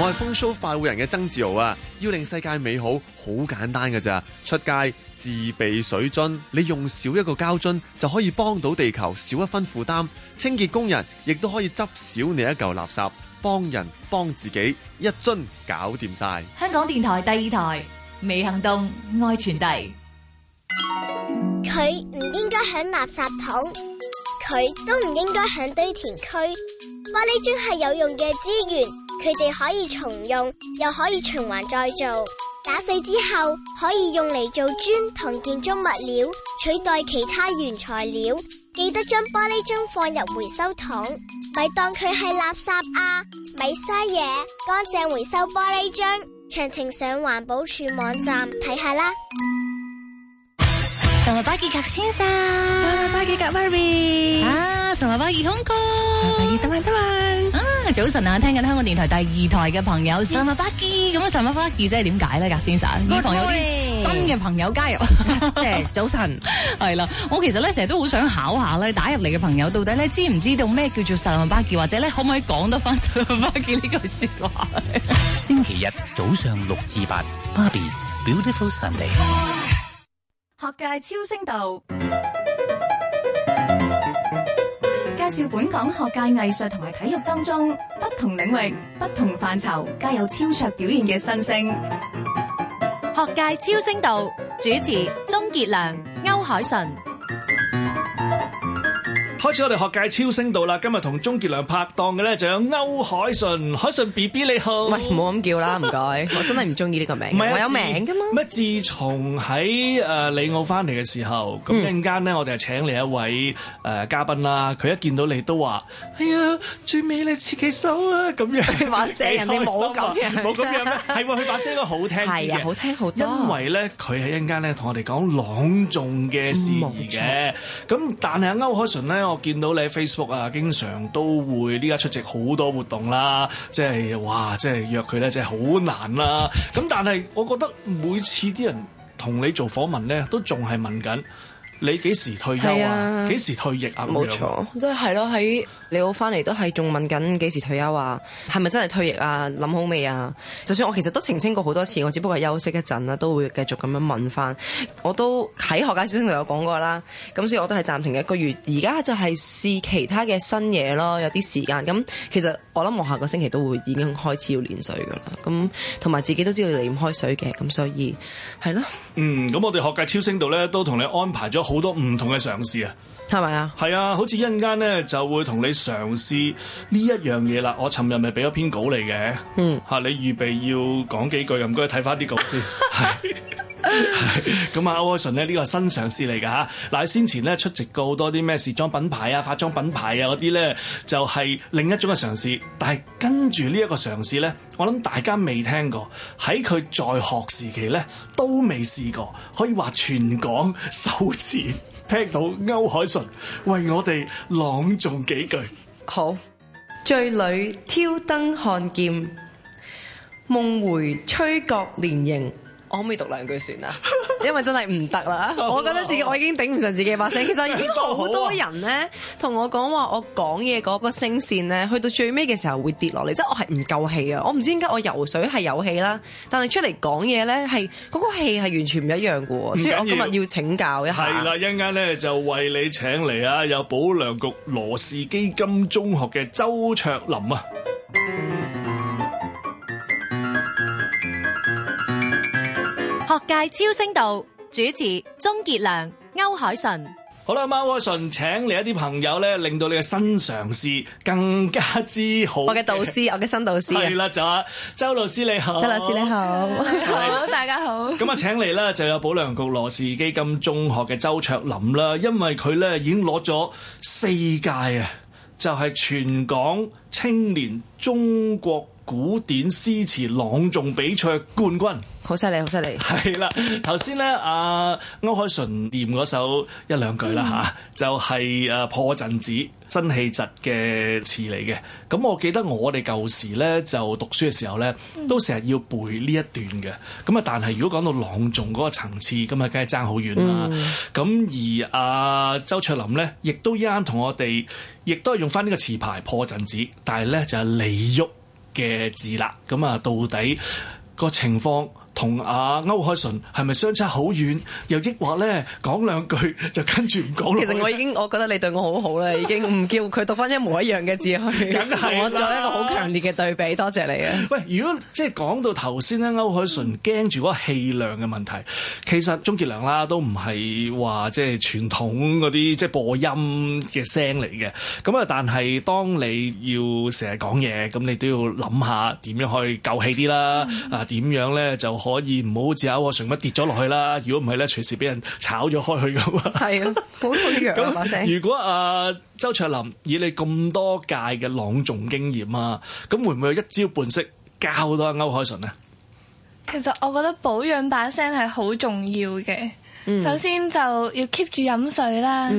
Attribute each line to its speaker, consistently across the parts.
Speaker 1: 我係風 s 快活人，嘅曾志豪啊！要令世界美好，好簡單嘅咋？出街自備水樽，你用少一個膠樽就可以幫到地球少一分負擔，清潔工人亦都可以執少你一嚿垃圾，幫人幫自己，一樽搞掂晒。
Speaker 2: 香港電台第二台微行動愛傳遞，佢唔應該響垃圾桶，佢都唔應該響堆填區。哇，呢樽係有用嘅資源。佢哋可以重用，又可以循環再造。打碎之後可以用嚟做磚同建築物料，取代其他原材料。記得將玻璃樽放入回收桶，咪當佢係垃圾啊！咪嘥嘢，乾淨回收玻璃樽。詳情上環保署網站睇下啦。
Speaker 3: 成為巴吉卡先生，成為巴吉卡 Barbie，啊，成巴吉公公，
Speaker 4: 早晨啊，聽緊香港電
Speaker 2: 台第二台嘅朋友神馬巴基咁啊，神馬 Yeah. 巴基，即係點解咧，格先生？呢朋友啲新嘅朋友加入， okay,
Speaker 3: 早晨係啦，
Speaker 2: 我其實咧成日都好想考，考下咧，打入嚟嘅朋友到底咧知唔知道咩叫做神馬巴基，或者咧可唔可以講得翻神馬巴基呢句
Speaker 4: 說話？星期日早上六至八，Barbie, Beautiful Sunday，學界超聲道。介紹本港學界、藝術同埋體育當中不同領域、
Speaker 3: 不同範疇皆有超卓表現嘅新星，學界超星道主持鍾傑良、歐鎧淳。
Speaker 1: 開始我哋學界超聲道啦！今日同鍾傑良拍檔嘅咧，就有歐鎧淳，鎧淳
Speaker 3: B B 你好，喂，唔好咁叫啦，唔該，我真係唔中意呢個名，唔係我有名
Speaker 1: 噶嘛？乜？自從喺誒里奧翻嚟嘅時候，咁一陣間咧，我哋就請嚟一位誒嘉賓啦。佢一見到你都話，係啊，最美麗設計手啊！咁樣，話聲人哋冇咁樣，冇咁樣，係喎，佢把聲都好聽，係啊，好聽好多。因為咧，佢喺一陣間咧同我哋講朗誦嘅事宜嘅，咁但係阿歐鎧淳咧。我見到你喺 Facebook 啊，經常都會呢家出席好多活動啦，即係哇，即係約佢咧，即係好難啦。咁但係，我覺得每次啲人同你做訪問咧，都仲係問緊你幾時退休啊，啊，幾時退役
Speaker 3: 啊，冇錯，即係係咯喺。你好，翻嚟都係仲問緊幾時退休啊？係咪真係退役啊？諗好未啊？就算我其實都澄清過好多次，我只不過係休息一陣啦，都會繼續咁樣問翻。我都喺學界超聲度有講過啦。咁所以我都係暫停一個月，而家就係試其他嘅新嘢咯。有啲時間咁，其實我諗我下個星期都會已經開始要練水噶啦。咁同埋自己都知道離唔開水嘅，咁所以係咯。嗯，
Speaker 1: 咁我哋學界超聲度咧都同你安排咗好多唔同嘅嘗試啊。係咪啊？係啊，好似一陣間咧就會同你嘗試呢一樣嘢啦。我尋日咪俾咗篇稿嚟嘅，嗯，吓、啊、你預備要講幾句，唔該睇翻啲稿先。係， 咁啊，阿鎧淳咧呢個新嘗試嚟噶吓。嗱，先前咧出席過好多啲咩時裝品牌啊、化妝品牌啊嗰啲咧，就係、是、另一種嘅嘗試。但係跟住呢一個嘗試咧，我諗大家未聽過，喺佢在學時期咧都未試過，可以話全港首次。聽到歐鎧淳為我
Speaker 3: 哋朗誦幾句，好，醉裏挑燈看劍，夢回吹角連營，我可唔可以讀兩句算啦？ 因為真係唔得啦， 我覺得自己我已經頂唔順自己嘅把聲，其實已經好多人咧同 我講話，我講嘢嗰把聲線咧，去到最尾嘅時候會跌落嚟，即係我係唔夠氣啊！我唔知點解我游水係有氣啦，但係出嚟講嘢咧係嗰個氣係完全唔一樣㗎喎，所以我今日要請教一下。係啦，
Speaker 1: 一陣間咧就為你請嚟啊，有保良局羅氏基金中學嘅周卓琳啊。
Speaker 3: 界超聲道主持鍾傑良、歐鎧淳，
Speaker 1: 好啦，歐鎧淳，請嚟一啲朋友咧，令到你嘅新嘗試更加之好。我嘅導師，我
Speaker 3: 嘅新導師
Speaker 2: 係
Speaker 1: 啦，就阿周老師你好，周老師你好，
Speaker 2: 大家好。咁
Speaker 1: 啊， 請嚟咧就有保良局羅氏基金中學嘅周卓琳啦， 因為佢咧已經攞咗四屆啊，就係、是、全港青年中國。古典詩詞朗誦比賽
Speaker 3: 冠軍，好犀利，好犀利係
Speaker 1: 啦。頭先咧，阿歐鎧淳念嗰首一兩句啦，吓、嗯啊、就係、是、誒破陣子辛棄疾嘅詞嚟嘅。咁我記得我哋舊時咧就讀書嘅時候咧，嗯、都成日要背呢一段嘅。咁、嗯、啊，但係如果講到朗誦嗰個層次，咁啊，梗係爭好遠啦。咁而阿周卓琳咧，亦都一啱同我哋，亦都係用翻呢個詞牌破陣子，但係咧就係、是、李煜。嘅字啦，咁啊，到底個情況，同阿歐鎧淳係咪相差好遠？又抑或咧講兩句就跟住唔講？其實我已
Speaker 3: 經，我覺得你對我好好啦， 已經唔叫佢讀翻一模一樣嘅字去。梗係 是啦，做一個好強烈嘅對比，多謝你啊！喂，
Speaker 1: 如果即係講到頭先咧，歐鎧淳驚住嗰個氣量嘅問題，其實鍾傑良啦都唔係話即係傳統嗰啲即係播音嘅聲嚟嘅。咁啊，但係當你要成日講嘢，咁你都要諗下點樣去以夠氣啲啦。 啊，點樣咧就可以唔好自己喎，順乜跌咗落去啦、 啊。 如果唔係咧，隨時俾人炒咗開去噶嘛。係
Speaker 3: 啊，保養把聲。如果阿
Speaker 1: 周卓林以你咁多屆嘅朗讀經驗啊，咁會唔會一朝半式教多歐海順啊？
Speaker 2: 其實我覺得保養把聲係好重要嘅。嗯、首先就要 keep 住飲水啦，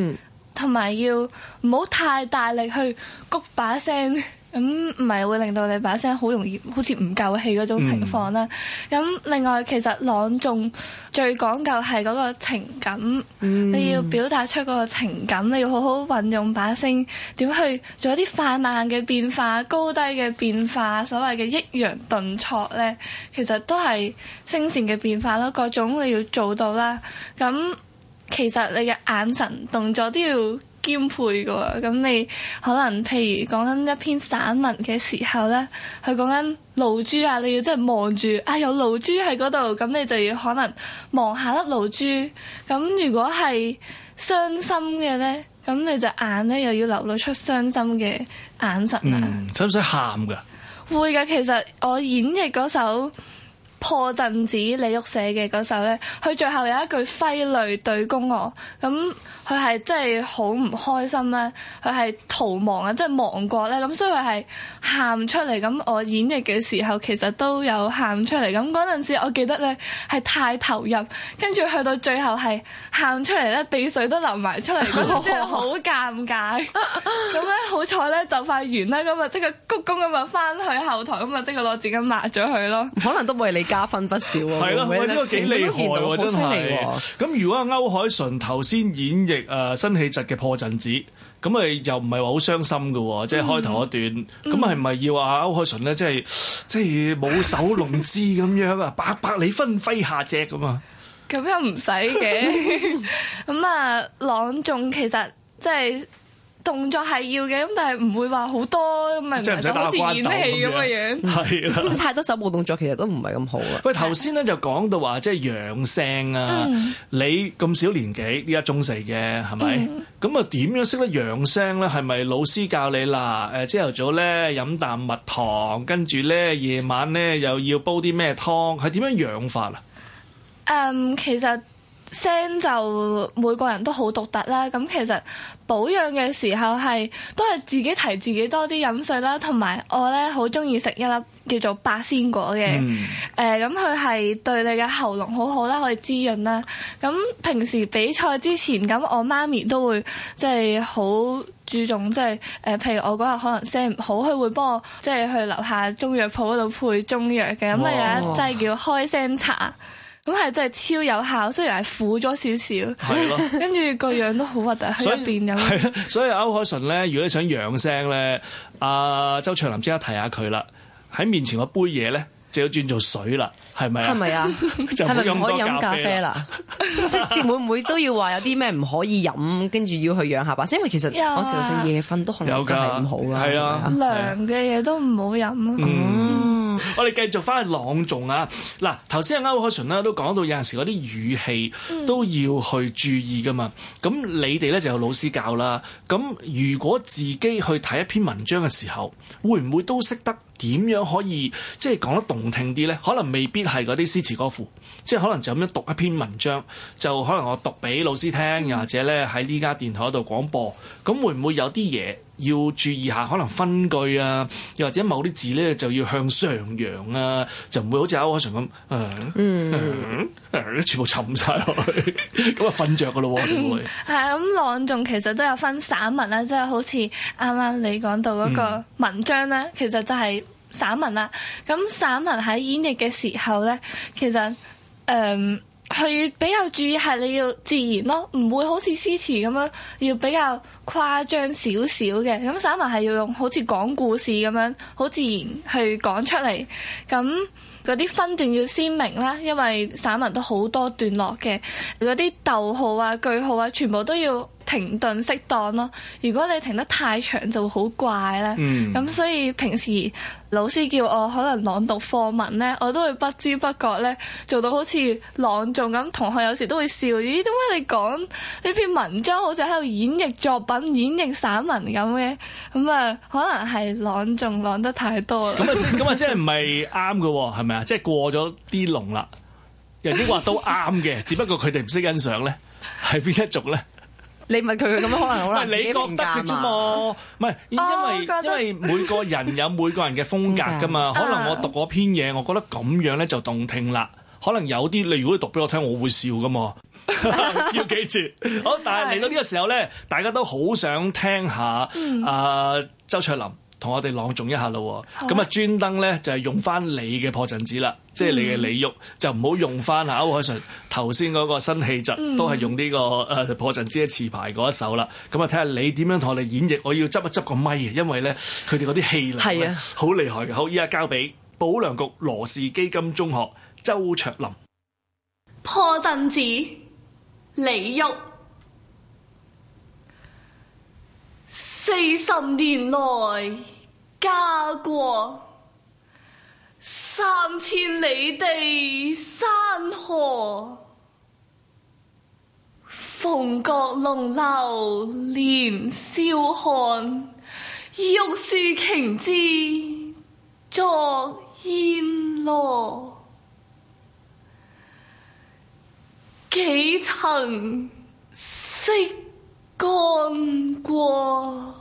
Speaker 2: 同埋、嗯、要唔好太大力去谷把聲。咁唔係會令到你把聲好容易，好似唔夠氣嗰種情況啦。咁另外，其實朗誦最講究係嗰個情感，嗯、你要表達出嗰個情感，你要好好運用把聲，點去做一啲快慢嘅變化、高低嘅變化，所謂嘅抑揚頓挫咧，其實都係聲線嘅變化囉，各種你要做到啦。咁其實你嘅眼神、動作都要。兼配嘅喎，咁你可能譬如講緊一篇散文嘅時候咧，佢講緊露珠啊，你要真係望住啊有露珠喺嗰度，咁你就要可能望下粒露珠。咁如果係傷心嘅咧，咁你就眼咧又要流露出傷心嘅眼神，嗯，
Speaker 1: 使唔使喊噶？
Speaker 2: 會噶，其實我演繹嗰首。破陣子李煜寫嘅嗰首咧，佢最後有一句揮淚對宮娥，咁佢係真係好唔開心咧，佢係逃亡啊，即係亡國咧，咁所以佢係喊出嚟，咁我演繹嘅時候其實都有喊出嚟，咁嗰陣時我記得咧係太投入，跟住去到最後係喊出嚟咧，鼻水都流埋出嚟，咁我好尷尬，咁咧 好彩咧就快完啦，咁啊即刻鞠躬咁啊翻去後台，咁啊即刻攞紙巾抹咗佢咯，可能都未理。加分不少喎，係啦、啊，喂，呢個幾厲害喎、啊，真係
Speaker 1: 的。咁如果阿歐海純頭先演繹誒辛棄疾嘅破陣子，咁誒又唔係話好傷心嘅，嗯、即係開頭一段，咁係咪要話阿歐海純咧，即係即係舞手弄姿咁樣啊，白白里分飛下只咁啊？咁
Speaker 2: 又唔使嘅，咁啊朗誦其實即係。動作係要嘅，咁但係唔會話好多，唔係唔係咁好似演戲咁嘅樣。
Speaker 4: 係
Speaker 1: 啊，太
Speaker 3: 多手部動作其實都唔係咁好啊。喂，
Speaker 1: 頭先咧就講到話即係養聲啊，你咁少年紀，依家，中四嘅係咪？咁啊，點樣識得養聲咧？係咪老師教你啦？誒，朝頭早咧飲啖蜜糖，跟住咧夜晚咧又要煲啲咩湯？係點樣養法啊？誒，
Speaker 2: 其實。聲就每個人都好獨特啦，咁其實保養嘅時候係都係自己提自己多啲飲水啦，同埋我咧好中意食一粒叫做八仙果嘅，誒咁佢係對你嘅喉嚨好好啦，可以滋潤啦。咁平時比賽之前，咁我媽咪都會即係好注重，即係誒，譬如我嗰日可能聲唔好，佢會幫我即係去樓下中藥鋪嗰度配中藥嘅，咁啊有一劑叫開聲茶。咁係真係超有效，雖然係苦咗少少，的跟住個樣都好核突，喺一邊有。係
Speaker 1: 所以歐海純咧，如果你想養聲咧，阿、呃、周卓林即刻提下佢啦，喺面前個杯嘢咧，就要轉做水啦，係咪啊？係咪啊？係咪唔可以飲咖啡啦？
Speaker 3: 即係會唔會都要話有啲咩唔可以飲，跟住要去養下吧？因為其實我時時夜瞓都可能係唔的好啦。涼
Speaker 2: 嘅嘢都唔好飲啊。嗯，
Speaker 1: 我哋繼續翻去朗誦啊！嗱，頭先阿歐鎧淳咧都講到有陣時嗰啲語氣都要去注意噶嘛。咁你哋咧就有老師教啦。咁如果自己去睇一篇文章嘅時候，會唔會都識得？點樣可以即係講得動聽啲呢？可能未必係嗰啲詩詞歌賦，即係可能就咁樣讀一篇文章，就可能我讀俾老師聽，又或者呢喺呢間電台度廣播，咁會唔會有啲嘢？要注意下，可能分句啊，又或者某啲字咧就要向上揚啊，就唔會好似阿 Ocean 咁，誒，全部沉晒落去，咁啊瞓着噶咯喎，點 會？
Speaker 2: 係啊， 咁朗誦其實都有分散文啦，即係好似啱啱你講到嗰個文章咧、嗯，其實就係散文啦。咁散文喺演繹嘅時候咧，其實誒。佢比較注意係你要自然咯，唔會好似詩詞咁樣要比較誇張少少嘅。咁散文係要用好似講故事咁樣，好自然去講出嚟。咁嗰啲分段要鮮明啦，因為散文都好多段落嘅，嗰啲逗號啊、句號啊，全部都要。停頓適當咯，如果你停得太長就會好怪咧。咁、嗯嗯、所以平時老師叫我可能朗讀課文咧，我都會不知不覺咧做到好似朗誦咁。同學有時都會笑咦，點解你講呢篇文章好似喺度演繹作品、演繹散文咁嘅？咁、嗯、啊，可能係朗誦朗，朗得太多啦。咁啊， 即係
Speaker 1: 咁啊，即係唔係啱嘅，係咪啊？即係過咗啲龍啦。人哋話都啱嘅， 只不過佢哋唔識欣賞咧，係邊一族咧？
Speaker 3: 你問佢，佢咁樣可能你覺得嘅咋嘛？
Speaker 1: 唔係、哦，因為 因為每個人有每個人嘅風格噶嘛。格可能我讀嗰篇嘢，uh. 我覺得咁樣咧就動聽啦。可能有啲你如果你讀俾我聽，我會笑噶嘛。 要記住。Uh. 好，但係嚟到呢個時候咧，是大家都好想聽下啊、uh. 周卓琳同我哋朗誦一下咯。咁啊、uh.，專登咧就係、是、用翻你嘅破陣子啦。即係你嘅李煜、嗯、就唔好用翻下，歐鎧淳頭先嗰個新氣質、嗯、都係用呢、呢個誒、呃、破陣子詞牌嗰一首啦。咁啊，睇下你點樣同我哋演繹，我要執一執個咪，嘅，因為咧佢哋嗰啲氣力好是、啊、厲害嘅。好，依家交俾保良局羅氏基金中學周卓琳，
Speaker 2: 破陣子，李煜。四十年來家國，三千里地山河，鳳閣龍樓連霄漢，玉樹瓊枝作煙蘿，幾曾識干戈？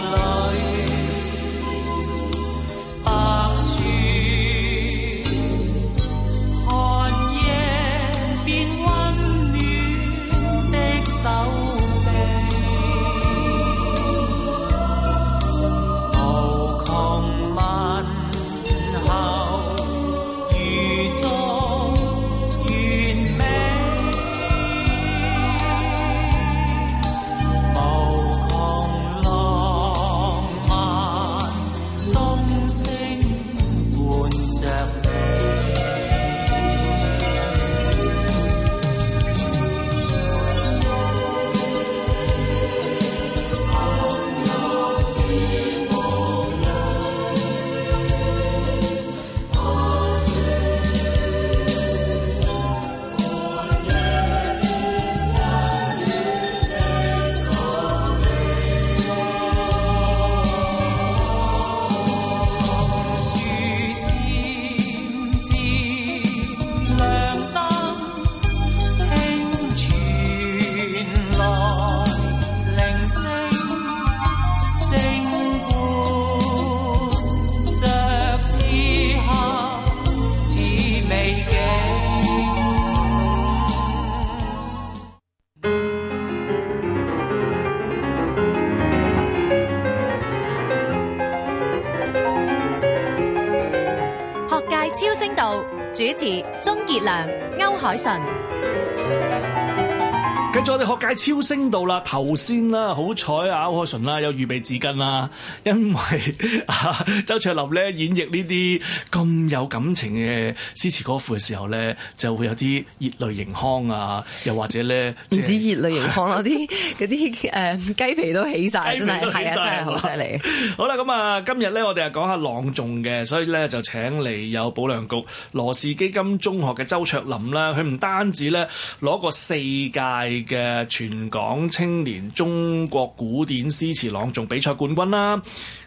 Speaker 3: 主持：鍾傑良、歐鎧淳。
Speaker 1: 我哋、嗯、學界超聲度啦，頭先啦，好彩啊，歐鎧淳啦有預備紙巾啦，因為 周卓琳咧演繹呢啲咁有感情嘅詩詞歌賦嘅時候咧，就會有啲熱淚盈眶啊，又或者咧，唔、就是、止熱淚盈眶
Speaker 3: 啊，啲嗰啲誒雞皮都起晒，起真係係啊，嗎真係 好犀利。
Speaker 1: 好啦，咁啊，今日咧我哋啊講下《朗誦》嘅，所以咧就請嚟有保良局羅氏基金，金中學嘅周卓琳啦。佢唔單止咧攞過四屆嘅全港青年中國古典詩詞朗誦比賽冠軍啦，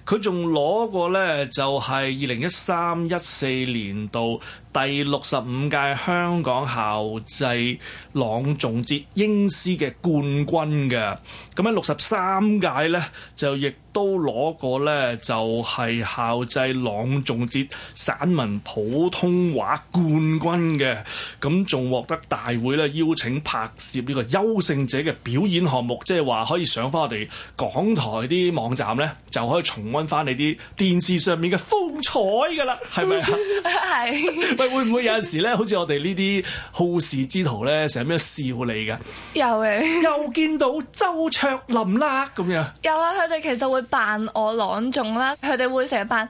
Speaker 1: 佢仲攞過咧，就係二零一三一四年度。第六十五屆香港校際朗誦節英詩嘅冠軍嘅，咁喺六十三屆呢，就亦都攞過呢，就係、是、校際朗誦節散文普通話冠軍嘅，咁仲獲得大會呢，邀請拍攝呢個優勝者嘅表演項目，即係話可以上翻我哋港台啲網站呢，就可以重温翻你啲電視上面嘅風采㗎啦，係咪啊？係。 會唔會有陣時咧， 好似我哋呢啲好事之徒咧，成日咩笑你噶？有嘅的笑，又見到周卓琳啦，咁
Speaker 4: 樣。
Speaker 2: 有啊，佢哋其實會扮我朗誦啦，佢哋會成日扮，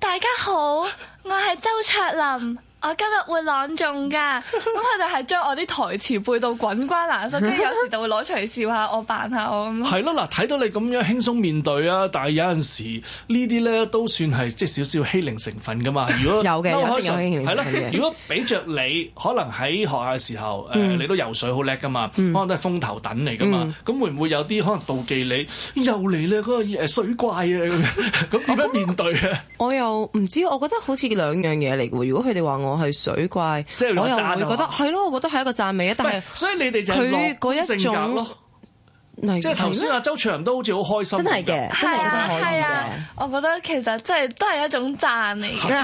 Speaker 2: 大家好，我係周卓琳。 我今日會朗誦㗎，咁佢哋係將我啲台詞背到滾瓜爛熟，跟住有時就會攞出嚟笑下我，扮下我咁。係
Speaker 1: 咯，嗱，睇到你咁樣輕鬆面對啊，但係有陣時呢啲咧都算係即係少少欺凌成分㗎嘛。如果有嘅，一定有欺凌成分嘅。如果俾著你，可能喺學校嘅時候誒，你都游水好叻㗎嘛，可能都係風頭等嚟㗎嘛。咁會唔會有啲可能妒忌你又嚟咧嗰個誒水怪啊？咁點樣面對
Speaker 3: 啊？我又唔知，我覺得好似兩樣嘢嚟㗎喎。如果佢哋話我。我係水怪，即啊、我又會覺得係咯、啊，我覺得係一個讚美啊，是但係是所以你哋就佢嗰一種，嗎即係頭先阿
Speaker 1: 周卓琳都好似好開心嗎，樣真係
Speaker 2: 嘅，係啊，啊我覺得其實即係都係一種讚
Speaker 3: 嚟嘅，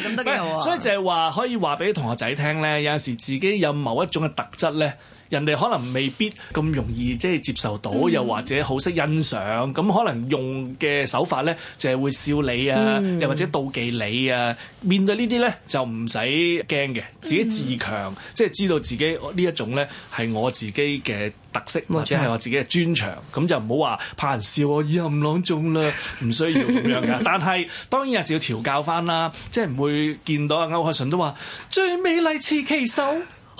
Speaker 3: 咁都幾好啊。所以
Speaker 1: 就係話可以話俾同學仔聽咧，有陣時自己有某一種嘅特質咧。人哋可能未必咁容易即係接受到，又或者好識欣賞，咁可能用嘅手法咧就係會笑你啊，嗯、又或者妒忌你啊。面對呢啲咧就唔使驚嘅，自己自強，嗯、即係知道自己呢一種咧係我自己嘅特色，嗯、或者係我自己嘅專長，咁、嗯、就唔好話怕人笑我陰囊中啦，唔、哎、需要咁樣噶。 但係當然有時要調教翻啦，即係唔會見到阿歐鎧淳都話最美麗持旗手。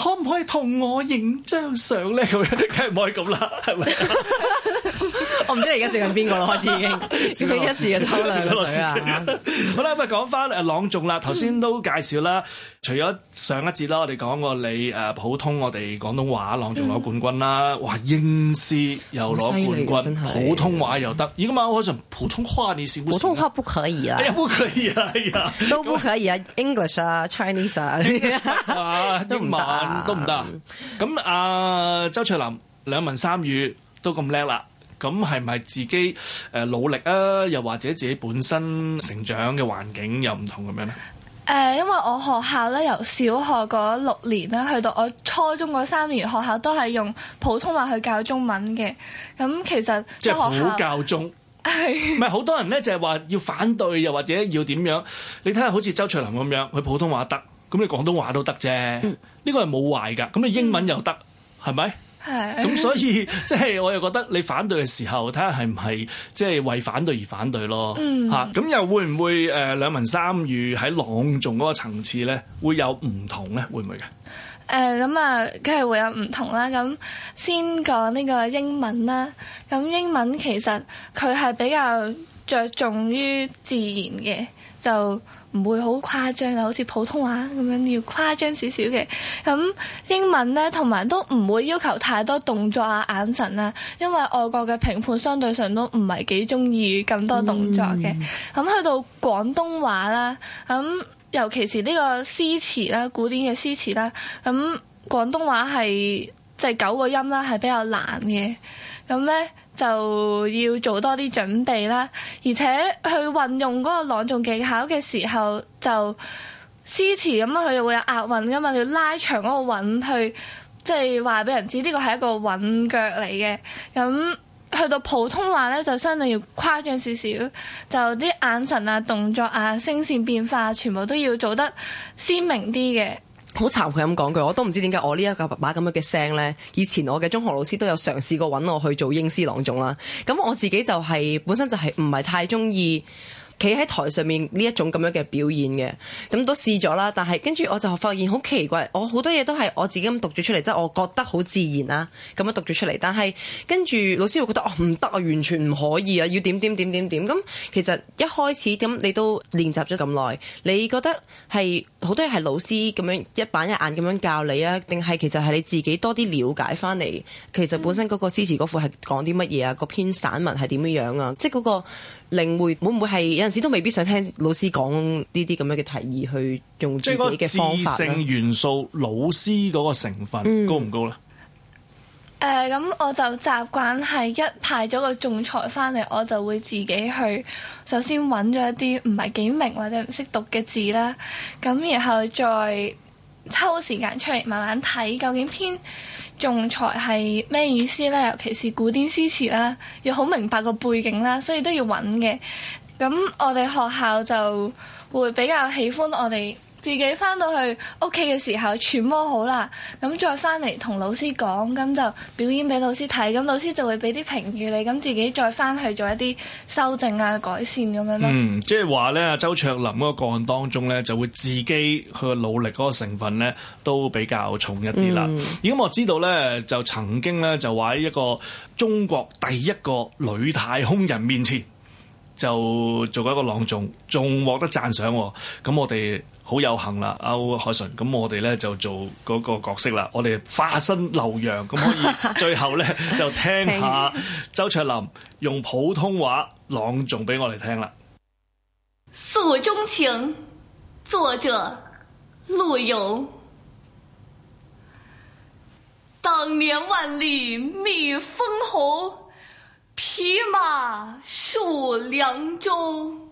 Speaker 1: 可唔可以同我影張相咧？咁樣梗係唔可以咁啦，係咪？ 我唔知
Speaker 3: 你而家笑緊邊個啦，開始已經。你 一次嘅偷兩好啦，
Speaker 1: 咁啊，嗯、講翻誒朗誦啦。頭先都介紹啦，嗯、除咗上一節啦，我哋講過你誒、啊、普通我哋廣東話朗誦攞冠軍啦，嗯、哇！英詩又攞冠軍，普通話又得。而家馬開順普通話你是？普通
Speaker 3: 話不可以啦、啊，也、 哎、不可以啦、啊，依、啊、家 都不可以啊！English 啊，Chinese 啊，
Speaker 1: 都唔得、啊。都唔得，咁阿、呃、周卓琳兩文三語都咁叻啦，咁係咪自己誒努力啊？又或者自己本身成長嘅環境又唔同咁樣
Speaker 2: 咧？誒、呃，因為我學校咧由小學嗰六年咧，去到我初中嗰三年，學校都係用普通話去教中文嘅。咁其實即係普教
Speaker 1: 中，係唔係好多人咧就係、是、話要反對，又或者要點樣？你睇下好似周卓琳咁樣，佢普通話得，咁你廣東話都得啫。 呢個係冇壞㗎，咁你英文又得，係咪？
Speaker 2: 係。咁所以
Speaker 1: 即係、就是、我又覺得你反對嘅時候，睇下係唔係即係為反對而反對咯。嗯。嚇、啊，咁又會唔會誒、呃、兩文三語喺朗誦嗰個層次咧，會有唔同咧？會唔會嘅？
Speaker 2: 誒、呃，咁啊，梗係會有唔同啦。咁先講呢個英文啦。咁英文其實佢係比較着重於自然嘅就。唔會好誇張啊，好似普通話咁樣要誇張少少嘅。咁、嗯、英文咧，同埋都唔會要求太多動作啊、眼神啦，因為外國嘅評判相對上都唔係幾中意咁多動作嘅。咁、嗯嗯、去到廣東話啦，咁、嗯、尤其是呢個詩詞啦，古典嘅詩詞啦，咁、嗯、廣東話係就係、九個音啦，係比較難嘅。咁咧就要做多啲準備啦，而且去運用嗰個朗誦技巧嘅時候，就詩詞咁啊，佢就會有押韻噶嘛，要拉長嗰個韻去即係話俾人知，呢個係一個韻腳嚟嘅。咁去到普通話咧，就相對要誇張少少，就啲眼神啊、動作啊、聲線變化，全部都要做得鮮明啲嘅。
Speaker 3: 好慚愧咁講句，我都唔知點解我呢、這、一個把咁樣嘅聲呢。以前我嘅中學老師都有嘗試過揾我去做英詩朗誦啦。咁我自己就係、是、本身就係唔係太鍾意。企喺台上面呢一種咁樣嘅表演嘅，咁都試咗啦。但係跟住我就發現好奇怪，我好多嘢都係我自己咁讀咗出嚟，即係我覺得好自然啦，咁樣讀咗出嚟。但係跟住老師會覺得，哦，唔得啊，完全唔可以啊，要點點點點點。咁其實一開始咁你都練習咗咁耐，你覺得係好多嘢係老師咁樣一板一眼咁樣教你啊，定係其實係你自己多啲了解翻嚟？其實本身嗰個詩詞嗰副係講啲乜嘢啊？嗰篇散文係點樣樣啊？即係嗰個。令會會唔會係有陣時都未必想聽老師講呢啲咁樣嘅提議，去用自己嘅方法。即係性
Speaker 1: 元素，老師嗰個成分、嗯、高唔高呢？誒、
Speaker 2: 呃，咁我就習慣係一派咗個仲裁翻嚟，我就會自己去首先揾咗一啲唔係幾明或者唔識讀嘅字啦，咁然後再抽時間出嚟慢慢睇究竟偏。仲裁係咩意思咧？尤其是古典詩詞啦，要好明白個背景啦，所以都要揾嘅。咁我哋學校就會比較喜歡我哋。自己翻到去屋企嘅時候揣摩好啦，咁再翻嚟同老師講，咁就表演俾老師睇，咁老師就會俾啲評語你，咁自己再翻去做一啲修正啊、改善咁樣咯。嗯，
Speaker 1: 即係話咧，周卓琳嗰個個案當中咧，就會自己去努力嗰個成分咧，都比較重一啲啦。如果、嗯、我知道咧，就曾經咧就話喺一個中國第一個女太空人面前就做咗一個朗誦，仲獲得讚賞。咁我哋。好有幸啦，歐鎧淳，咁我哋咧就做嗰個角色啦，我哋化身劉洋，咁可以最後咧 就聽下周卓琳用普通話朗誦俾我哋聽啦。
Speaker 2: 《訴衷情》作者陸遊，當年萬里覓封侯，匹馬戍梁州。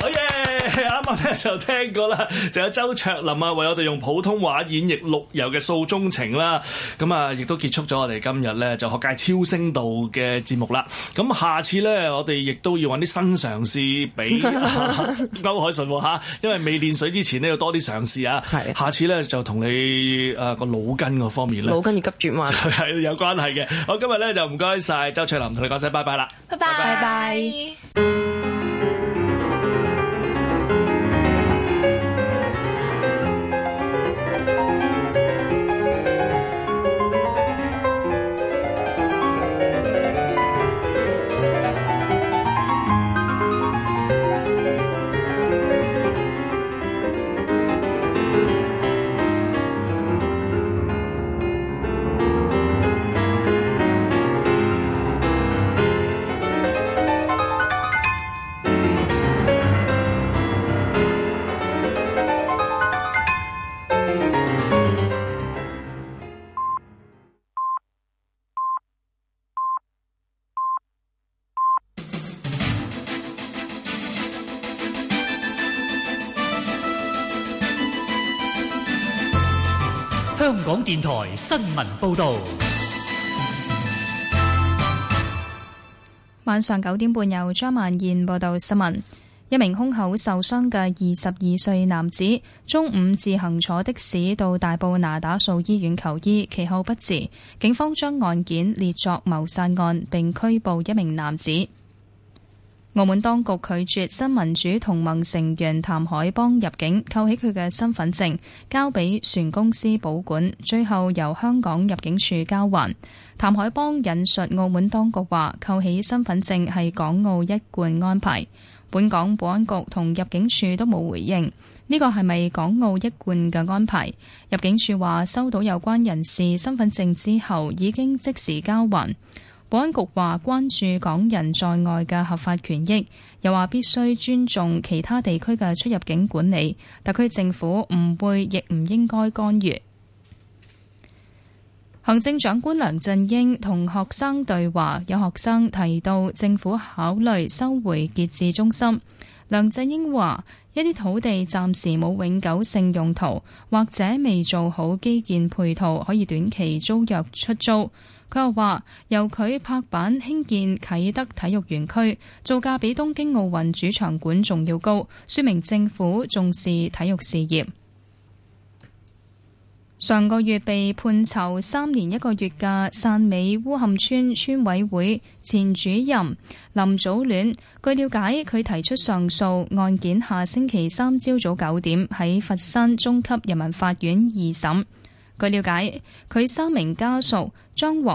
Speaker 1: 好耶！啱啱咧就聽過啦，仲有周卓琳啊，為我哋用普通話演繹陸遊嘅《訴衷情》啦。咁啊，亦都結束咗我哋今日咧就學界超聲道嘅節目啦。咁下次咧，我哋亦都要揾啲新嘗試俾歐鎧淳吓，因為未練水之前呢，要多啲嘗試啊。係。下次咧就同你啊個腦筋嗰方面咧。腦筋要急轉彎。係 有關係嘅。好，今日咧就唔該晒周卓琳，同你講聲拜拜啦。
Speaker 4: 拜拜拜拜。
Speaker 2: 新聞報道。
Speaker 4: 晚上九點半，由張萬燕報道新聞。一名胸口受傷嘅二十二歲男子，中午自行坐的士到大埔拿打素醫院求醫，其後不治。警方將案件列作謀殺案，並拘捕一名男子。澳門當局拒絕新民主同盟成員譚海邦入境，扣起佢嘅身份證，交俾船公司保管，最後由香港入境處交還。譚海邦引述澳門當局話：扣起身份證係港澳一貫安排。本港保安局同入境處都冇回應，呢個係咪港澳一貫嘅安排？入境處話收到有關人士身份證之後，已經即時交還。保安局話關注港人在外嘅合法權益，又話必須尊重其他地區嘅出入境管理。特區政府唔會亦唔應該干預。行政長官梁振英同學生對話，有學生提到政府考慮收回傑志中心。梁振英話：一啲土地暫時冇永久性用途，或者未做好基建配套，可以短期租約出租。佢又話：由佢拍板興建啟德體育園區，造價比東京奧運主場館仲要高，說明政府重視體育事業。上個月被判囚三年一個月嘅汕尾烏坎村村委會前主任林祖戀，據了解佢提出上訴案件，下星期三朝早九點喺佛山中級人民法院二審。據了解，佢三名家屬將獲。